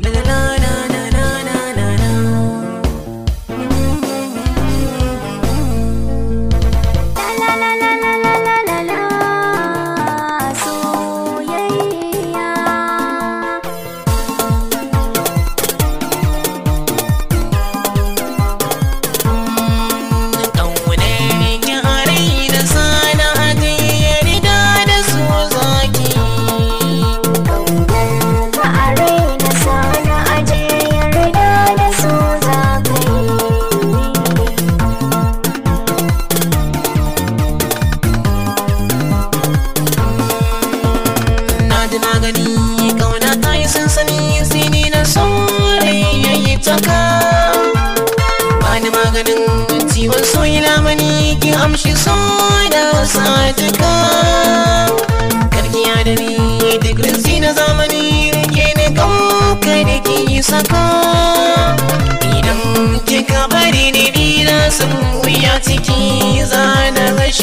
Melanie. taka bani maganin ciwon soyi lamani ki amshi so da sataka karkiya da ni duk rinsi na zamani rike ne kanka da ki saka idan kika bari ne ni na san wuya ciki za na rashi